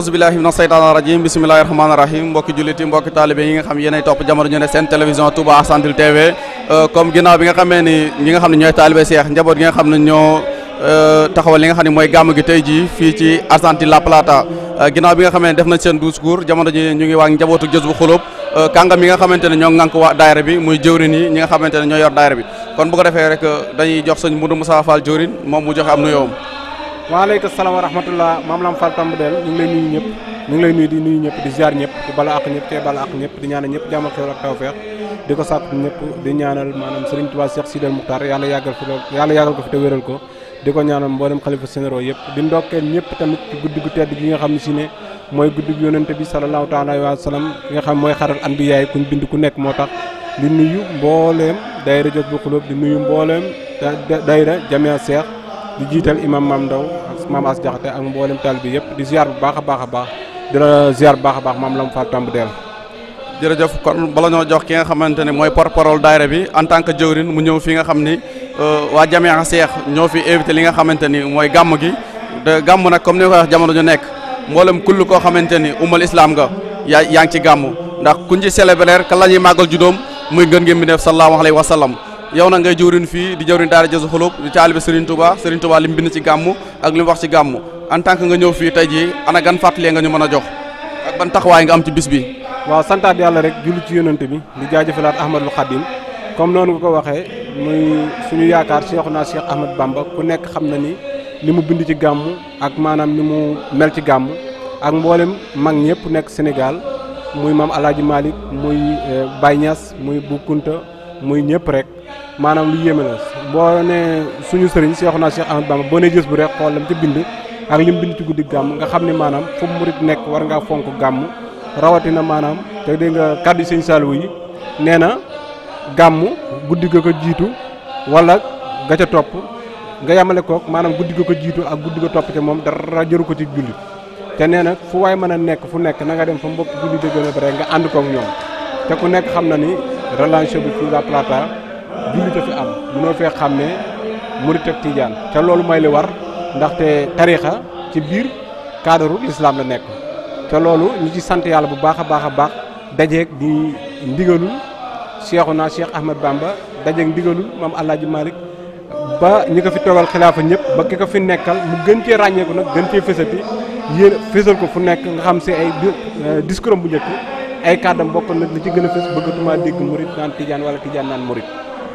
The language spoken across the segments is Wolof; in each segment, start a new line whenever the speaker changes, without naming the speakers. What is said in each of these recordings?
asbillahi mina seytaan rajim bisimilahi rahmaani rahim mbokki julliti mbokki taalibe yi nga xam yéenay topp jamono ñu ne seen télévision Touba Argentine TV euh, comme ginnaaw bi nga xamee ni ñi nga xam ne ñooy taalibe Seex njaboot gi nga xam ne ñoo euh, taxawal li nga xam ne mooy gàmm gi tey jii fii ci Argentine La Plata euh, ginnaaw bi nga xamee ne def nañ seen discours jamono ji ñu ngi waa njabootu jës bu xulóob kàngam yi nga xamante ne ñoo ngànk waa daayira bi muy jëwrin yi ñi nga xamante ne ñoo yor daayira bi kon bu ko defee rek dañuy jox sëñ Moudou Moussa Fall moom mu joxe am nuyoom
waaleykum salaam wa rahmatullah maam Lam Fall Tambadel ñu ngi lay nuyu ñëpp ñu ngi lay nuyu di nuyu ñëpp di ziar ñëpp di bala ak ñëpp te bala ak ñëpp di ñaanal ñëpp jàmmal xewal ak tawfeex di ko sàkk ñëpp di ñaanal maanaam Serigne Touba Cheikh Sidel Moukhtar yàlla yàggal fi yàlla yàggal ko fi te wéral ko di ko ñaanal mboolem xalifa généraux yëpp di ndokkeel ñëpp tamit ci guddi gu tedd gi nga xam ne si ne mooy guddi gu yonente bi salallaahu taala alayhi wa sallam nga xam mooy xaral an bi yaay kuñ bind ku nekk moo tax di nuyu mbooleem daayira jot bu xulóob di nuyu mbooleem daayira jamia seex di jiital imam mam ndaw maam As Jaxate ak mboolem taalibe bi yëpp di ziar bu baax a baax a baax di la ziar bu baax a baax maam Lamp Fall Tambadel
jërëjëf kon bala ñoo jox ki nga xamante mooy porte-parole bi en tant mu ñëw fi nga xam ni euh, waa Jamiya Seex ñoo fi invité li nga xamante ni mooy gàmm gi te gàmm nag comme ni ko wax jamono ju nekk mboolem kull koo xamante ni umal islam nga yaa yaa ngi ci gàmm ndax kuñ ci célébrer ka la màggal judóom muy ngën ngeen yow nag ngay jëwriñ fii di jëwriñ daara Jazbul Xuluub di taalibe Serigne Touba Serigne Touba li mu bind ci gàmmu ak li mu wax ci gàmmu en tant que nga ñëw fii tey jii ana gan fàttalee nga ñu mën a jox ak ban taxawaay nga am ci bis bi. waaw santaat yàlla rek julli ci yonante mi di
jaajëfalaat Ahmadul Xadim comme noonu nga ko waxee muy suñu yaakaar Seexuna Seex Ahmad Bamba ku nekk xam na ni li mu bind ci gàmmu ak maanaam ni mu mel ci gàmmu ak mboolem mag ñëpp nekk Sénégal muy maam El Hadj Malick muy eh, Baye Niass muy Bou Kounta muy ñëpp rek. maanaam lu yéeme na boo nee suñu sëriñ Seexuna Seex Ahmadu Bamba boo ne gis bu rek xool lam ci bind ak li mu bind ci guddi gàmm nga xam ne maanaam fu murit nekk war ngaa fonk gàmm rawatina maanaam te dégg nga kàddu sëñ Saliou yi nee na gàmm guddi ga ko jiitu wala ga ca topp nga yamale kook maanaam guddi ga ko jiitu ak guddi ga topp ca moom dara jëru ko ci julli te nee na fu waaye mën a nekk fu nekk na nga dem fa mbokk julli dëgg na bare nga ànd kook te ku nekk xam na ni relation bi jullit a fi am mënoo fee xàmmee murit ak tijaan te loolu mooy li war ndaxte tariixa ci biir kaadaru l'islam la nekk te loolu ñu ci sant yàlla bu baax a baax a baax dajeeg di ndigalul Seexuna Cheikh Ahmed Bamba dajeeg ndigalul maam Alaaji Malick ba ñi ko fi toogal xilaafa ñëpp ba ki ko fi nekkal mu gën cee ràññeeku nag gën cee fësati yéen fësal ko fu nekk nga xam si ay euh, discours am bu njëkk ay kàddam bokk nag li ci gën a fës bëggatuma dégg murit naan tijaan wala tijaan naan murit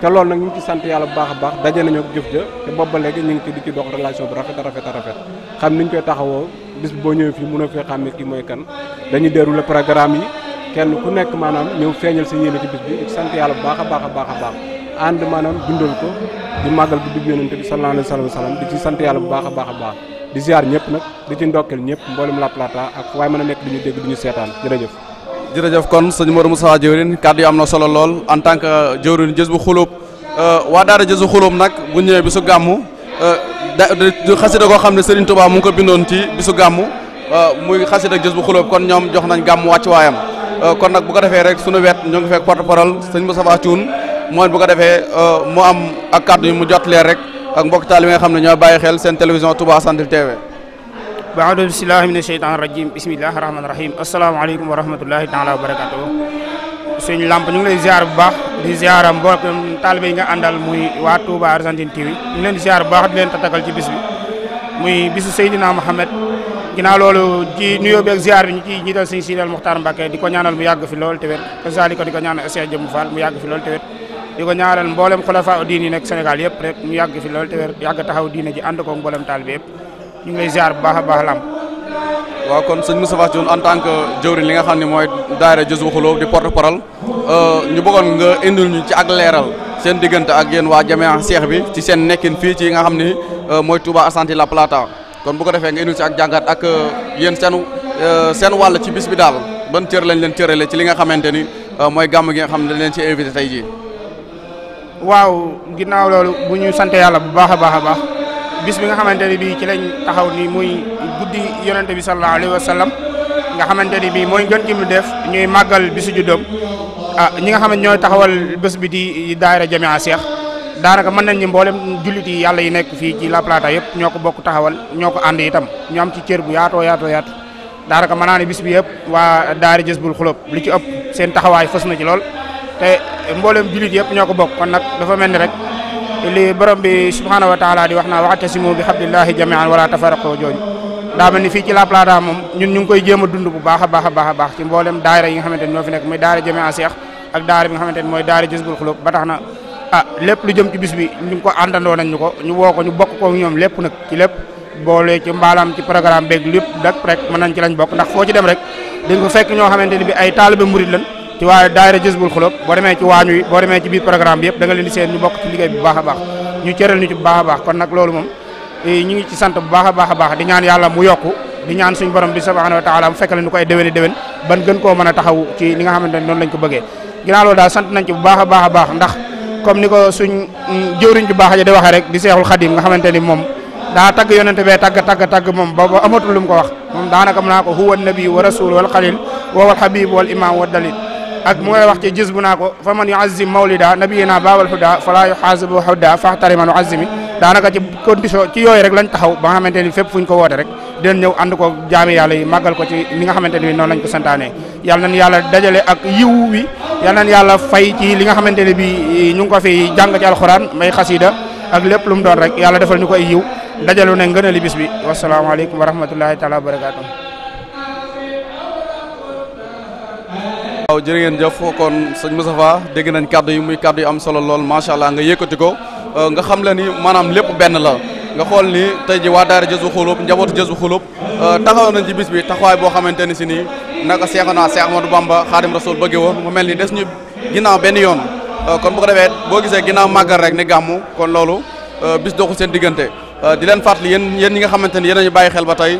te loolu nag ñu ci sant yàlla bu baax a baax daje nañu ak jëf ja te boobu ba ñu ngi ci di ci dox relation bu rafet a rafet a rafet xam niñ koy taxawoo bis boo ñëwee fii mën a fee xàmmee kii mooy kan dañuy déroulé programme yi kenn ku nekk maanaam ñëw feeñal sa yéene ci bis bi sant yàlla bu baax a baax a baax a baax ànd maanaam dundal ko di màggal bu dugg yonente bi sallallahu alayhi wa sallam di ci sant yàlla bu baax a baax a baax di ziar ñëpp nag di ci ndokkeel ñëpp mboolem La Plata
ak waaye mën a nekk di ñu dégg ñu seetaan jërëjëf jërëjëf kon sëñ Modou Moussa jëwrin kadd yi am na solo lool en tant que jëwrin jës bu xulóob euh, waa daara jës bu xulóob nag bu ñëwee bisu gàmmu euh, da xasida koo xam ne Serigne Touba mu ngi ko bindoon ci bisu gàmmu euh, muy xasida jës bu xulóob kon ñoom jox nañ gàmmu wàcc waayam kon nag bu ko defee rek suñu wet ñu ngi fekk porte parole sëñ Moustapha Thioune mooy bu ko defee mu am ak kàddu yu mu jot leer rek ak mbokk taal yi nga xam ne ñoo bàyyi xel seen télévision Touba Argentine TV
baado bismillahi mina sheytaan rajim bismillahi rahmaani rahim asalaamaaleykum wa rahmatullahi taala wa barakatuh suñ lamp ñu ngi lay ziar bu baax di ziara mboolem taalibe yi nga àndal muy waa Touba Argentine TV ñu ngi leen di bu baax di leen tatagal ci bis bi muy bis Seydina Mohamed ginnaaw loolu ci nuyoo beeg ziar bi ñu ciy jiital sëñ Sidal Muxtaar Mbàkke di ko ñaanal mu yàgg fi lool te wér kazalika di ko ñaanal Cheikh fi lool te wér di ko ñaanal mboolem xulafa diin yi nekk yëpp rek yàgg fi lool yàgg taxaw diine ji ànd ko mboolem taalibe yëpp ñu ngi lay ziar baax a baax lam waaw kon sëñ
Moustapha Thioune en tant que jëwriñ li nga xam ne mooy daayira Jazbul Xuluub di porte parole euh, ñu bëggoon nga indil ñu ci ak leeral seen diggante ak yéen waa Jamia Cheikh bi ci seen nekkin fii ci nga xam ni euh, mooy Touba Argentine La Plata kon bu ko defee nga indil ci ak jàngat ak euh, yéen seen seen wàll ci bis bi daal ban cër lañ leen cërale ci li nga xamante ni mooy gàmm gi nga xam ne dañ leen
ci invité tey ji waaw ginnaaw loolu bu ñu sant yàlla bu baax a baax a baax. bis bi nga xamante ne bii ci lañ taxaw ni muy guddi yonente bi sallallahu alayhi wa sallam nga xamante ni bii mooy ngën ki mu def ñooy màggal bisu juddoom a ah, ñi nga xam ne ñooy taxawal bés bi di daayira Jamia Cheikh daanaka mën nañ ni mboolem jullit yi yàlla yi nekk fii ci La yëpp ñoo ko bokk taxawal ñoo ko itam ñu am ci cër bu yaatoo yaatoo daanaka mën naa ne bis bi yëpp waa daayira Jazbul Xulub li ci ëpp seen taxawaay fës na ci lool te mboolem jullit yëpp ñoo ko bokk kon nag dafa mel ni rek li borom bi subhanahu wa taala di wax naa waxtasimu bi hablillahi jami'an wala tafarraqu jooju daa mel ni fii ci La Plata moom ñun koy jéem a dund bu baax a baax a baax a ci mboolem daayira yi nga xamante ñoo fi nekk muy daayira Jami'a Cheikh ak daayira bi nga xamante mooy daayira Jazbul Xulub ba tax na ah lu jëm ci bis bi ko àndandoo ñu ko ñu woo ñu bokk ko ñoom lépp nag ci lépp boole ci mbaalaam ci programme beeg lépp rek rek mën nañ ci lañ bokk ci waa daayira Jazbul Xulub boo demee ci waañ wi boo demee ci biir programme bi yëpp da leen di seen ñu bokk ci liggéey bu baax a baax ñu cëral ñu ci bu baax a baax kon nag loolu moom ñu ngi ci sant bu baax a baax baax di ñaan yàlla mu yokku di ñaan suñu borom bi subhanahu wa taala mu fekkale ñu ko ay déwéni ban gën koo mën a taxaw ci li nga xamante ne noonu lañ ko bëggee ginnaaw loolu daal sant nañ ci bu baax a baax a baax ndax comme ni ko suñ mm, jëwriñ ju baax ja di waxee rek di seexul xadim nga xamante ni moom daa tagg yonente bee tagg tagg tagg moom ba amatul mu ko wax moom daanaka naa ko huwa nabi wa rasul wal xalil wa wal habib wal ak mu ngay wax ci gis bu naa ko fa man yuazim mawlida nabiyina baabal huda fala yuxaasibu huda faxtari man yuazimi daanaka ci condition ci yooyu rek lañ taxaw ba nga xamante ni fépp fu ko woote rek den ñëw ànd ko jaami yàlla yi màggal ko ci li nga xamante ni noonu lañ ko santaane yàlla nañ yàlla dajale ak yiw wi yàlla nañ yàlla fay ci li nga xamante ne bi ñu ngi ko fi jàng ci alxuraan may xasida ak lépp lu mu doon rek yàlla defal ñu ko ay yiw dajalu ne ngënali bis bi wasalaamaaleykum wa rahmatullahi taala wa
waaw jërë ngeen jëf kon sëñ Moustapha dégg nañ kàddu yi muy kàddu yu am solo lool macha allah nga yëkkati ko euh, nga xam la ni maanaam lépp benn la nga xool ni tey ji waa daara Jazbul Xuluub njabootu Jazbul Xuluub euh, taxaw nañ ci bis bi taxawaay boo xamante ni si nii naka Seexuna Seex Ahmadu Bamba Xaadim Rasuul bëggee woon mu mel ni des ñu ginnaaw benn yoon euh, kon bu ko boo gisee ginnaaw màggal rek ni gàmmu kon loolu bis doxul seen diggante di leen fàttali yéen yen ñi nga xamante ni yéen a ñu bàyyi xel ba tey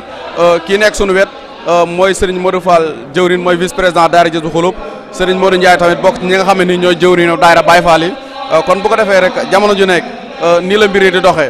kii nekk sunu wet Euh, mooy Serigne Modou Fall jëwrin mooy vice président daayira Jazbul Xulub Serigne Modou Ndiaye tamit bokk ci ñi nga xam ne nii ñooy jëwrinu daayira Baye Fall yi euh, kon bu ko defee rek jamono ju nekk euh, nii la mbir di doxee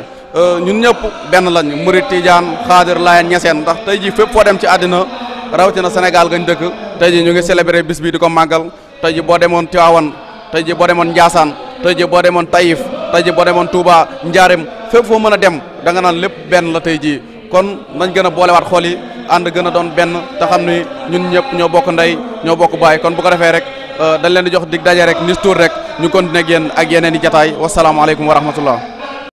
ñun ñëpp benn lañ murit tiijaan xaadir laayeen ñeseen ndax tey ji fépp foo dem ci àddina rawatina Sénégal gañ dëkk tey ji ñu ngi célébrer bis bi di ko màggal tey boo demoon Tiwaawan tey ji boo demoon Njaasaan tey ji boo demoon Tayif tey boo demoon Touba Njaarim fépp foo mën a dem da nga naan lépp benn la jii kon nañ gën a boolewaat xool yi ànd gën a doon benn te xam ni ñun ñëpp ñoo bokk ndey ñoo bokk baay kon bu ko defee rek euh, dañ leen di jox dig daje rek nis tuur rek ñu continuer ak yéen ak yeneen i jataay wasalaamaaleykum wa rahmatullah